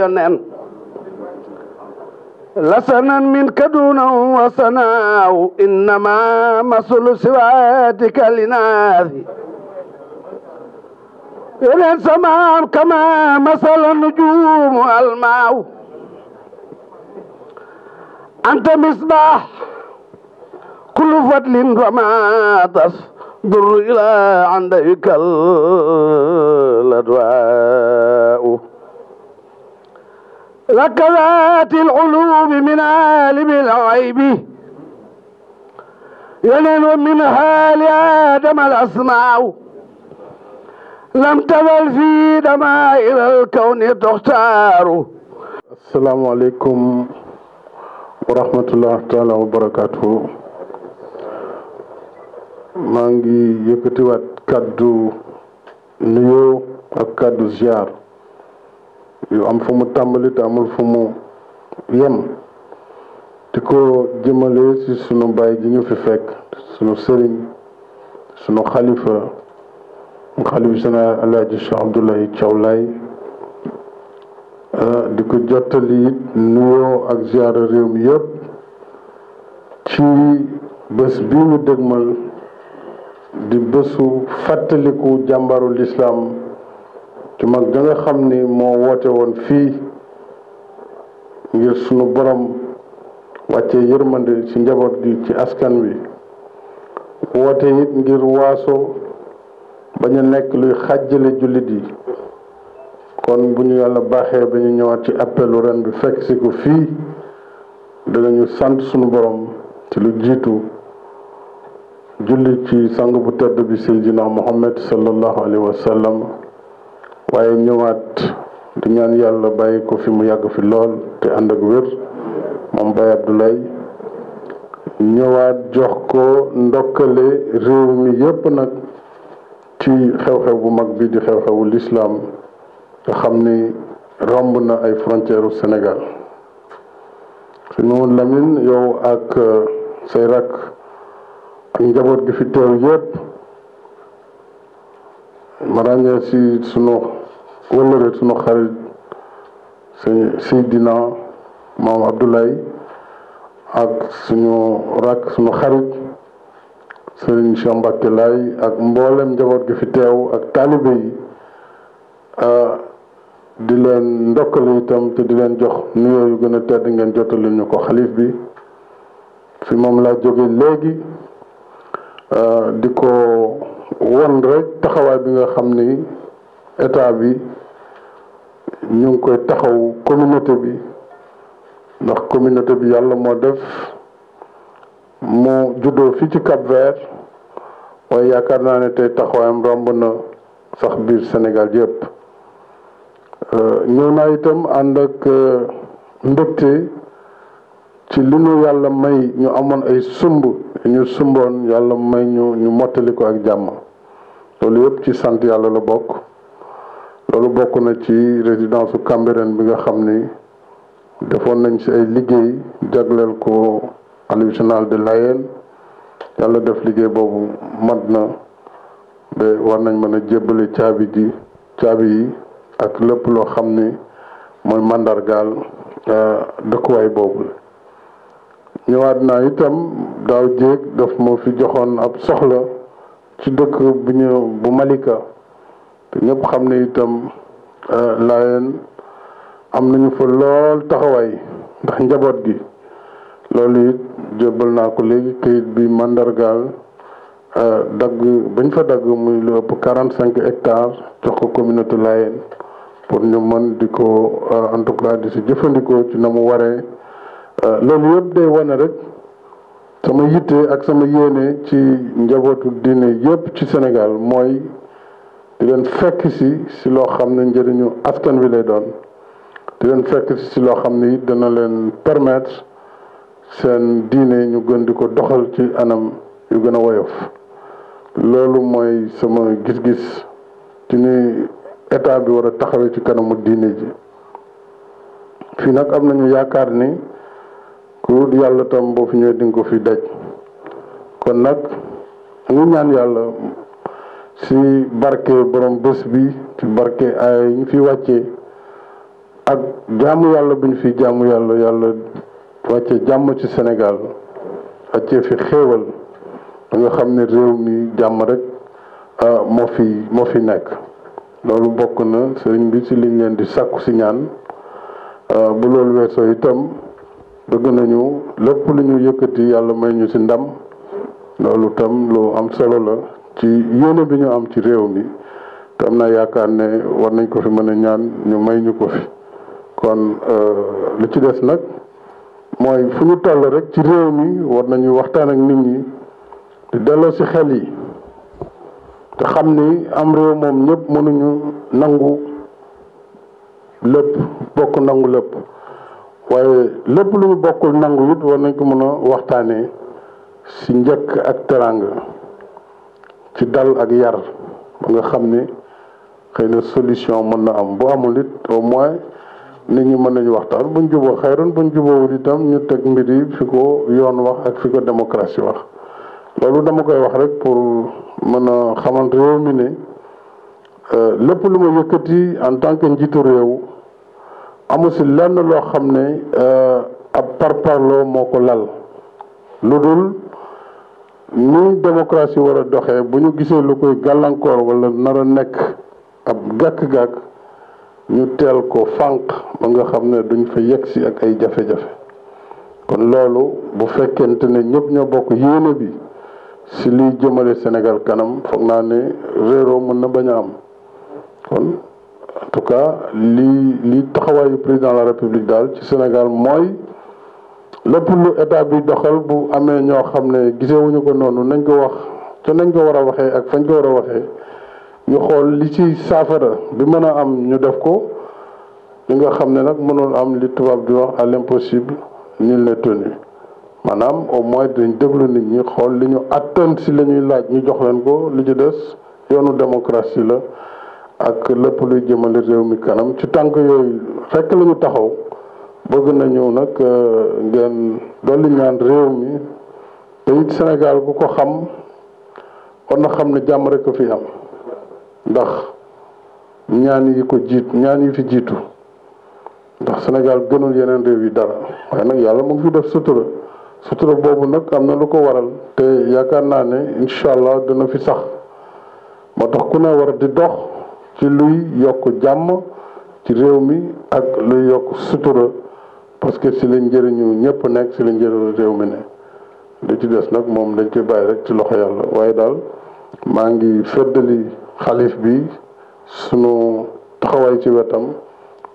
yonen la sanan min kaduna wa sanaaw innama masulu siwatika linaasi yeneen samaam kama masala nujuumu almaaw anta misbaax kullu fatlin ramaatas duru ilaa andayikal adwaa لك ذات العلوم من عالم الغيب يلين منها لآدم الأسماء لم تزل في دمائر الكون تختار السلام عليكم ورحمة الله تعالى وبركاته maa ngi yëkkatiwaat kaddu nuyoo ak kaddu ziar yu am fu mu tàmbali te amul fu mu yem di ko jëmale ci sunu baay ji ñu fi fekk sunu sëriñ sunu xalifa xalif général alaaji Cheikh Abdoulaye Thiaw Laye ah, di ko jottali nuyoo ak ziara réew mi yëpp ci bés bii ñu dégmal di bésu fàttaliku jàmbaru lislaam ci mag ga xam ni moo woote woon fii ngir sunu borom wàcce yërmande ci njaboot gi ci askan wi woote it ngir waaso ba a nekk luy xàjjale jullit yi kon bu ñu yàlla baaxee ba ñu ñëwaat ci appelu ren bi fekk si ko fii dinañu sant sunu borom ci lu jiitu jullit ci sang bu tedd bi seydina muhammad sallallahu alayhi wa sallam waaye ñëwaat du ñaan yàlla bàyyi ko fi mu yàgg fi lool te ànd ak wér moom Baye Abdoulaye ñëwaat jox ko ndokkale réew mi yépp nag ci xew-xew bu mag bi di xew-xewu lislaam nga xam ni romb na ay frontière senegal Sénégal su ñu Lamine yow ak euh, say rakk njaboot gi fi teew yépp ma ràññee si sunu wëllëre sunu xarit sëñ Seydina maam Abdoulaye ak suñu rakk suñu xarit sëñ Cheikh Mbacke Laye ak mboolem njaboot gi fi teew ak taalibe yi di leen ndokkale itam te di leen jox nuyoo yu gën a tedd ngeen jottali ñu ko xalif bi fi moom laa jóge léegi di ko won rekk taxawaay bi nga xam ni état bi ñu ngi koy taxaw communauté bi ndax communauté bi yàlla moo def mu juddoo fii ci Cap Vert waaye yaakaar naa ne tey taxawaayam romb na sax biir Sénégal yëpp euh, ñëw naa itam ànd ak euh, ci li nu yàlla may ñu amoon ay sumb ñu sumboon yàlla may ñu ñu mottali ko ak jàmm loolu yëpp ci sant yàlla la bokk loolu bokk na ci résidence su bi nga xam ni defoon nañ ci ay liggéey jagleel ko Khalife de Layène yàlla def liggéey boobu mat na ba war nañ mën a jébbale caabi ji caabi yi ak lépp loo xam ni mooy màndargaal euh, dëkkuwaay boobu ñëwaat naa itam daaw jéeg daf ma fi joxoon ab soxla ci dëkk bu ñu bu Malika te ñëpp xam na itam euh, laayeen am nañu fa lool taxawaay ndax njaboot gi loolu it jébbal naa ko léegi kayit bi màndargaal euh, dagg bañ fa dagg muy lu ëpp quarante cinq hectares jox ko communauté laayeen pour ñu mën di ko euh, en tout si jëfandikoo ci na mu waree Euh, loolu yëpp day wane rek sama yitte ak sama yéene ci njabootu diine yépp ci Sénégal mooy di leen fekk si si loo xam ne njëriñu askan wi lay doon di leen fekk si si loo xam ne dana leen permettre seen diine ñu gën di ko doxal ci anam yu gën a woyof loolu mooy sama gis-gis ci ni état bi wara a taxawee ci kanamu diine ji fii nag am nañu yaakaar ni lu dul yàlla tam boo fi ñëwee di ko fi daj kon nag ñu ñaan yàlla si barke borom bés bi ci barke ay ñu fi wàcce ak jaamu yàlla bu ñu fi jaamu yàlla yàlla wàcce jàmm ci senegal wàccee fi xéewal da xam ne réew mi jàmm rek ah, moo fi moo fi nekk loolu bokk na sëriñ bi ci liñ leen di sàkku si ñaan ah, bu loolu weesoo itam bëgg nañu lépp lu ñu yëkkati yàlla may ñu ci ndam loolu tam lu am solo la ci yéene bi ñu am ci réew mi te am naa yaakaar ne war nañ ko fi mën a ñaan ñu may ñu ko fi kon euh, li ci des nag mooy fu ñu toll rek ci réew mi war nañuy waxtaan ak nit ñi di delloo ci xel yi te xam ni am réew moom ñëpp mënuñu nangu lépp bokk nangu lépp waaye lépp lu ñu bokkul nangu it war nañ ko mën a waxtaanee ci njëkk ak teraanga ci dal ak yar ba nga xam ni xëy na solution mën na am bu amul it au moins nit ñi mën nañu waxtaan buñ juboo xayroon buñ juboowul itam ñu teg mbir yi fi ko yoon wax ak fi ko démocratie wax loolu dama koy wax rek pour mën a xamante réew mi ne euh, lépp lu ma yëkkati en tant que njiitu réew amu ci lenn loo xam ne euh, ab parparloo moo ko lal lu dul ni démocratie war a doxee bu ñu gisee lu koy gàllankoor walla nara a nekk ab gàkk-gàkk ñu teel ko fànq ba nga xam ne duñ fa yegg si ak ay jafe-jafe kon loolu bu fekkent ne ñëpp ñoo bokk yéene bi si liy jëmale senegal kanam foog naa ne réeroo mën na bañ a am kon en tout cas li li taxawaayu président la république daal ci Sénégal mooy lépp lu état bi doxal bu amee ñoo xam ne gisewuñu ko noonu nañ ko wax te nañ ko war a waxee ak fañ ko war a waxee ñu xool li ci saafara bi mën a am ñu def ko li nga xam ne nag mënul am li tubaab bi wax à l'impossible nul n'est tenu maanaam au moins dañ déglu nit ñi xool li ñu atteindre si lañuy laaj ñu jox leen ko li ci des yoonu démocratie la ak lépp luy jëmale réew mi kanam ci tànk yooyu rekk lañu taxaw bëgg nañu nag euh, ngeen dolli ñaan réew mi te it Sénégal ku ko xam war na xam ne jàmm rek a fi am ndax ñaan yi ko jiit ñaan yi fi jiitu ndax Sénégal gënul yeneen réew yi dara waaye nag yàlla mu ngi fi def sutura sutura boobu nag am na lu ko waral te yaakaar naa ne incha allah dina fi sax moo tax ku ne war di dox. ci luy yokk jàmm ci réew mi ak luy yokk sutura parce que si la njëriñu ñëpp nekk ci la njëriñu réew mi ne li ci des nag moom dañ koy bàyyi rek ci loxo yàlla waaye daal maa ngi feddali xalif bi sunu taxawaay ci wetam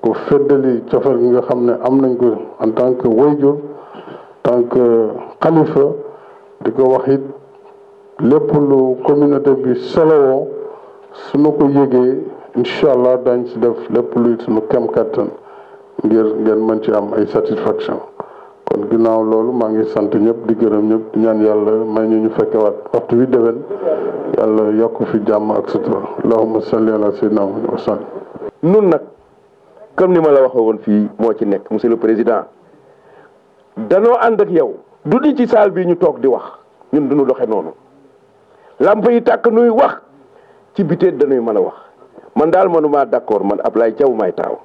ko feddali cofeel gi nga xam ne am nañ ko en tant que wayjur tant que xalifa di ko waxit lépp lu communauté bi solowoo su ma ko yëgee incha allah daañ ci def lépp luy suñu kem kàttan ngir ngeen mën ci am ay satisfaction kon ginnaaw loolu maa ngi sant ñëpp di gërëm ñëpp ñaan yàlla may ñu ñu fekkewaat waxtu wi déwén yàlla yokk fi jàmm ak sutura allahumma salli ala sayyidina si wa sallam nun nag comme ni ma la waxee woon fii moo ci nekk monsieur le président danoo ànd ak yow du di ci saal bi ñu toog di wax ñun duñu doxe noonu lamp yi tàkk nuy wax ci bitee dañuy mën a wax man daal manuma d'accord man ab Ablaye Diaw may taaw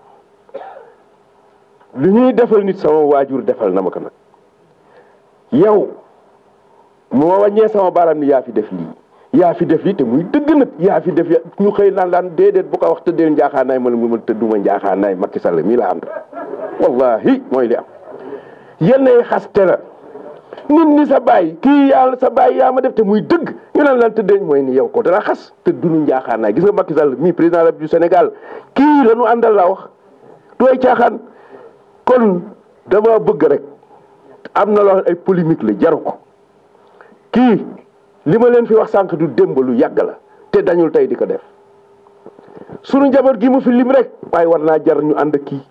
li ñuy defal nit sama waajur defal na ma ko nag yow mu ma wàññee sama baaraam yaa fi def lii yaa fi def lii te muy dëgg nag yaa fi def ñu xëy naan laan déedéet bu ko wax tëddee njaaxaanaay ma la mu ma tëdduma njaaxaanaay Macky Sall mii la am wallaahi mooy li am yenn xaste la nit ñi sa baay kii yàlla sa baay yaa ma def te muy dëgg ñu naan lan tëddee mooy ni yow ko dana xas te du njaaxaan naa gis nga Macky Sall mii président la du Sénégal kii la ñu àndal laa wax dooy caaxaan kon dama bëgg rek am na loo ay polémique la jaru ko kii li leen fi wax sànq du démb lu yàgg la te dañul tey di ko def sunu njaboot gi mu fi lim rek waaye war naa jar ñu ànd kii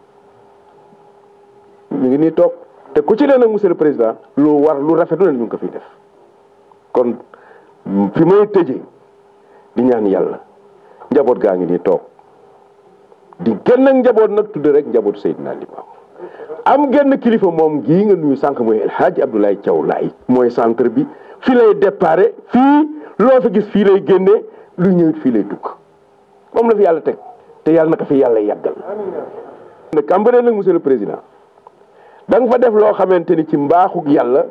ñu ngi nii toog. te ku ci leen nag monsieur le président lu war lu rafetlu leen ñu ngi ko fiy def kon fi may tëjee di ñaan yàlla njaboot gaa ngi nii toog di génn njaboot nag tudd rek njabootu Seydina Limaamu am genn kilifa moom gii nga nuyu sànq mooy El Hadj Abdoulaye Thiaw Laye mooy centre bi fi lay déparé fii loo fi gis fii lay génne lu ñëwit fii lay dugg moom la fi yàlla teg te yàlla naka fi yàlla yàggal na Cambérène nag monsieur le président danga nga fa def loo xamante ni ci mbaaxug yàlla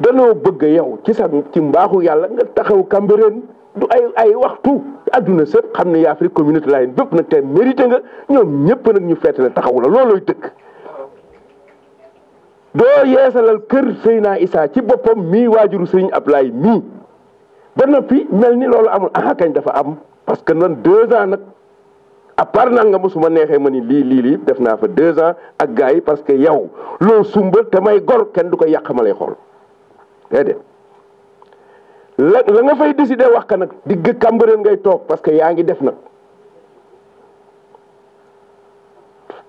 danoo bëgg yow ci sa ci mbaaxu yàlla nga taxaw Cambérène du ay ay waxtu adduna sëpp xam ne yaa fi communauté laayeen bépp nag te mérité nga ñoom ñëpp nag ñu feete la taxaw la loolooy dëkk. doo yeesalal kër Seyna Issa ci boppam mii waajuru Sëriñ Ablaye mii ba noppi mel ni loolu amul ah kañ dafa am parce que nan deux ans nag. à part nga su ma neexee ma ni lii lii lii def naa fa deux ans ak gars yi parce que yow loo sumba te may gor kenn du koy yàq ma lay xool déedéet la la nga fay wax ka nag digg Cambérène ngay toog parce que yaa ngi def nag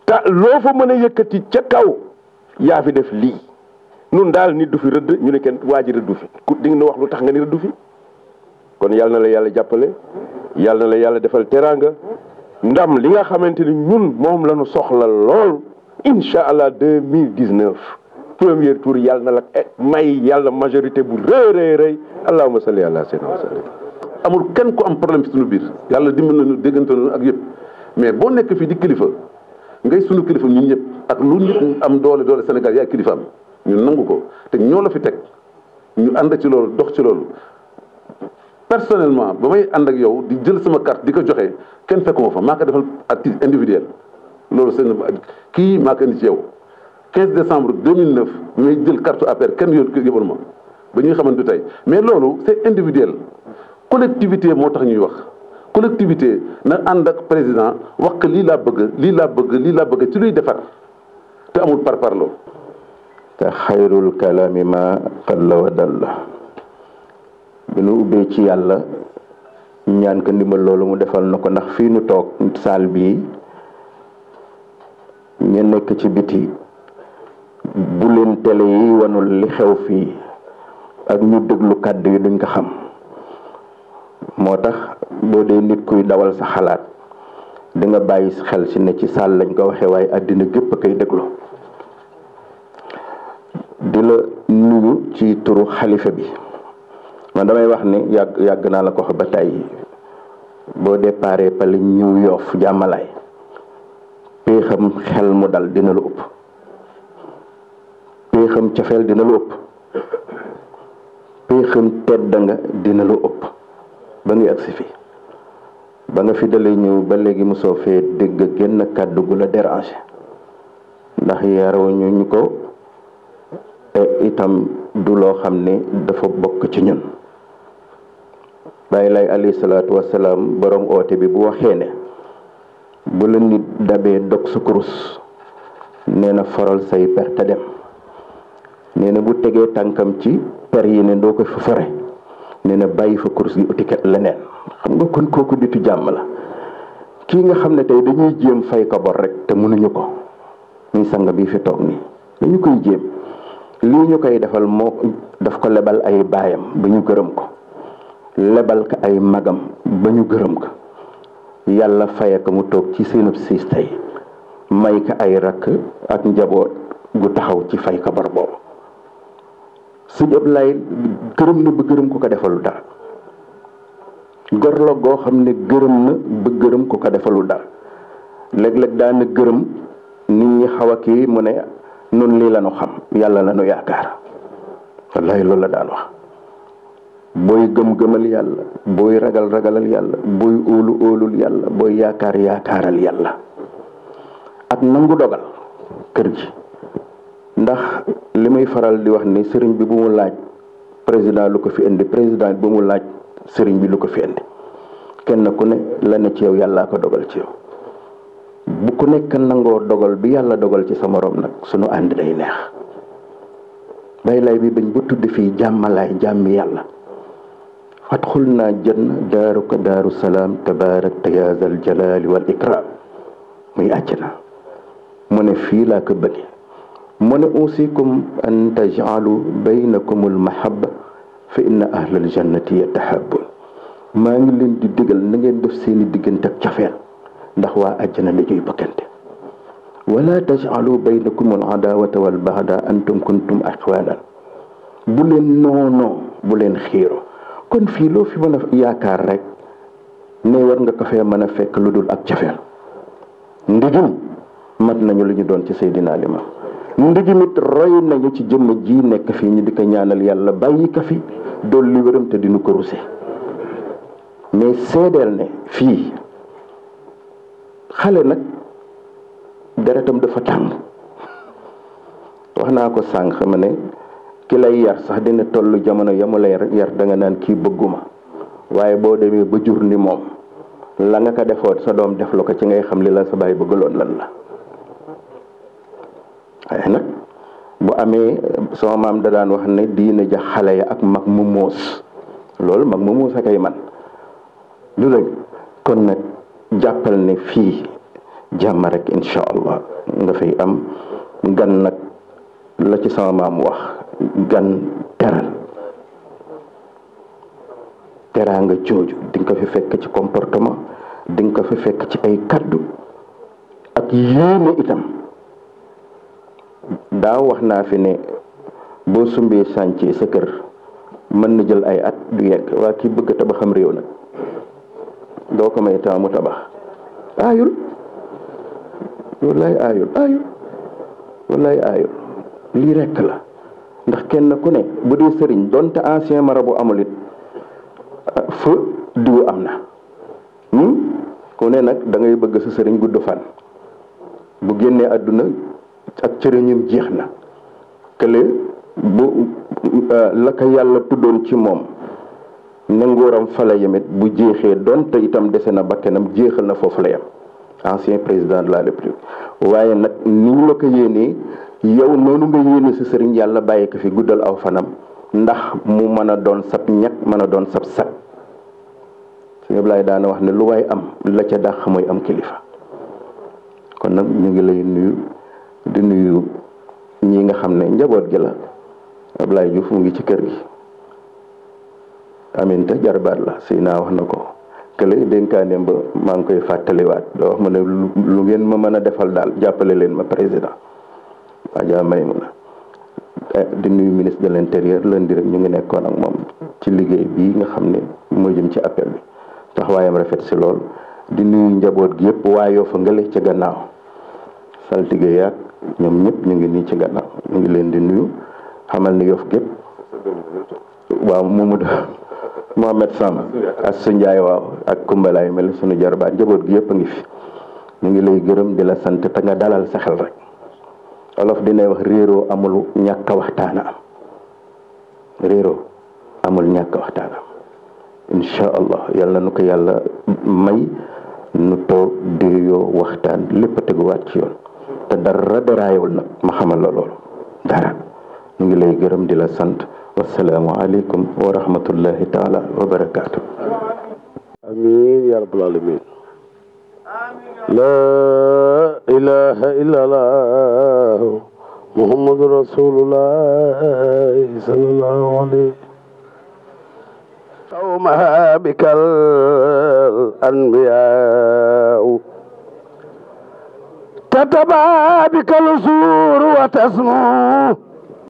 te loo fa mën a yëkkati ca kaw yaa fi def lii nun daal nit du fi rëdd ñu ne kenn waa ji rëddu fi ku di nga wax lu tax nga ni rëddu fi kon yàlla na la yàlla jàppale yàlla na la yàlla defal teraanga ndam li nga xamante ni ñun moom la ñu soxla lool incha allah deux mille dix neuf premier tour yàlla na la e may yàlla majorité bu rëy rëy rëy allahumma salli ala sayyidina wa sallim amul kenn ku am problème ci suñu biir yàlla na nañu déggante nañu ak yëpp mais boo nekk fii di kilifa ngay sunu kilifa ñun ñëpp ak lu nit am doole doole Sénégal yaay kilifa am ñu nangu ko te ñoo la fi teg ñu ànd ci loolu dox ci loolu. personnellement ba may ànd ak yow di jël sama carte di ko joxe kenn fekkuma fa maa ko defal à titre individuel loolu seen kii maa ko indi ci yow 15 décembre 2009 may jël carte APR kenn yow yóbbu ma ba ñuy xamante tey mais loolu c'est individuel collectivité moo tax ñuy wax collectivité na ànd ak président wax que lii laa bëgg lii laa bëgg lii laa bëgg ci luy defar te amul parparloo te xayrul kalaami ma qalla wa bi nu ubbee ci yàlla ñaan ko ndimbal loolu mu defal na ko ndax fii nu toog saal bii ñu nekk ci biti bu leen télé yi li xew fii ak ñu déglu kàddu yi dañ ko xam moo tax boo dee nit kuy dawal sa xalaat di nga bàyyi xel si ne ci saal lañ ko waxee waaye àddina gépp a koy déglu di la nuyu ci turu xalifa bi man damay wax ni yàgg yàgg naa la ko wax ba tey boo déparé pale ñëw yoof jàmmalaay péexam xel mu dal dina lu ëpp péexam cafeel dina lu ëpp péexam tedd nga dina lu ëpp ba ngay agsi fi ba nga fi dalee ñëw ba léegi mu soo fee dégg génn kàddu gu derange ndax yaroo ñu ñu ko itam du loo xam ne dafa bokk ci ñun bàyyi lay alayhi salaatu wasalaam borom oote bi bu waxee ne bu la nit dabee dog sa kurus nee na faral say per te dem nee na bu tegee tànkam ci per yi ne doo ko fa nee na bàyyi fa kurus gi utikat leneen xam nga kon kooku ditu jàmm la kii nga xam ne tey dañuy jéem fay ko bor rek te mënuñu ko muy sang bii fi toog nii dañu koy jéem lii ñu koy defal moo daf ko lebal ay baayam ba ñu gërëm ko lebal ka ay magam ba ñu gërëm ka yàlla faye ka mu toog ci seenub siis tey may ka ay rakk ak njaboot gu taxaw ci fay ka bar boobu sëñ Ablaye gërëm na ba gërëm ko ko defalu dara gor la goo xam ne gërëm na ba gërëm ko ko defalu dara léeg-léeg daan gërëm nit ñi xaw a kii mu ne nun lii lanu ñu xam yàlla lanu ñu yaakaar wallahi loolu la daan wax booy gëm-gëmal yàlla booy ragal ragalal yàlla booy óolu óolul yàlla booy yaakaar yaakaaral yàlla ak nangu dogal kër gi ndax li may faral di wax ni sëriñ bi bu mu laaj président lu ko fi indi président bu mu laaj sëriñ bi lu ko fi indi kenn ku ne la ne ci yow yàllaa ko dogal ci yow bu ku nekk nangoo dogal bi yàlla dogal ci sa moroom nag sunu ànd day neex bay lay bii bañ bu tudd fii jàmmalaay jàmmi yàlla fadxul naa jën daaruka daaru salaam tabaarakta yaa zal jalaali wal ikraam muy àjjana mu ne fii laa ko bëgge mu ne uusikum an tajcalu baynakum almahabba fa inna ahla aljannati yatahabbuun maa ngi leen di digal na ngeen def seeni diggante ak cafeel ndax waa àjjana la ñuy bëggante wala tajcalu baynakum al adaawata wal baxda antum kuntum axwaanan bu leen noonoo bu leen xiiroo kon fii loo fi mën a yaakaar rek ne war nga ko fee mën a fekk lu dul ak cafeel ndigim mat nañu lu ñu doon ci Seydina Limam ndigimit roy nañu ci jëmm ji nekk fii ñu di ko ñaanal yàlla bàyyi ko fi dool li wéram te dinu ko ruse mais seedeel ne fii xale nag deretam dafa tàng wax naa ko sànq ma ne ki lay yar sax dina tollu jamono ya mu lay yar danga naan kii bëgguma waaye boo demee ba jur ni moom la nga ko defoon sa doom def la ko ci ngay xam li la sa baay bëggaloon lan la waaye nag bu amee sama maam da daan wax ne diina jax xale ya ak mag mu muus loolu mag mu muus a man lu la kon nag jàppal ne fii jàmm rek incha allah nga fay am gan nag la ci sama maam wax gan teral teraanga jooju di nga fi fekk ci comportement di ko fi fekk ci ay kaddu ak yéene itam daa wax naa fi ne boo sumbee sànce sa kër mën na jël ay at du yegg waa kii bëgg tabaxam réew nag doo ko may taamu tabax aayul wallaay aayul aayul aayul lii rekk la ndax kenn ku ne bu dee sëriñ donte ancien marabu amul it fa diw am na hmm? ku ne nag da ngay bëgg sa sëriñ gudd fan bu génnee àdduna ak cëriñam jeex na kële bu euh, la ko yàlla tuddoon ci moom nanguuram fa la yemit bu jeexee donte itam dese na bakkenam jeexal na foofu la yem ancien président de la république waaye nag ni la ko yéenee yow noonu nga yéene si sëriñ yàlla bàyyi ko fi guddal aw fanam ndax mu mën a doon sab ñag mën a doon sab sab sëñ Ablaye wax ne lu waay am la ca dàq mooy am kilifa kon nag ñu ngi lay nuyu di nuyu ñi nga xam ne njaboot gi la Ablaye Diouf ngi ci kër gi amin jarbaat la si naa wax na ko kële dénkaaneem ba maa ngi koy fàttaliwaat doo wax ma ne lu ngeen ma mën a defal daal jàppale leen ma président Adja Maymuna eh, di nuyu ministre de l' intérieur lundi ñu ngi nekkoon ak moom ci liggéey bii nga xam ne moo jëm ci appel bi taxawaayam rafet si lool di nuyu njaboot gi yëpp waayoo fa ngële ca gannaaw saltige yaag ñoom ñëpp ñu ngi nii ci gannaaw ñu ngi leen di nuyu xamal ni yof gépp waaw Mamadou Mohamed Sam ak su Njaay waaw ak kumbalaay mel sunu jarbaat njaboot gi yëpp a ngi fi ñu ngi lay gërëm di la sant te nga dalal sa xel rek olof dinay wax réeroo amul ñàkk a waxtaan am amul ñàkk a waxtaan am allah yàlla nu ko yàlla may nu toog déeyoo waxtaan lépp a teguwaat ci yoon te dara daraayewul nag ma xamal la loolu dara ñu ngi lay gërëm di la sant wasalaamu aleykum wa rahmatullahi taala amiin yaa rabbal aalamiin لا إله إلا الله محمد رسول الله صلى الله عليه قومها بك الأنبياء تتبع بك الأسور وتسمو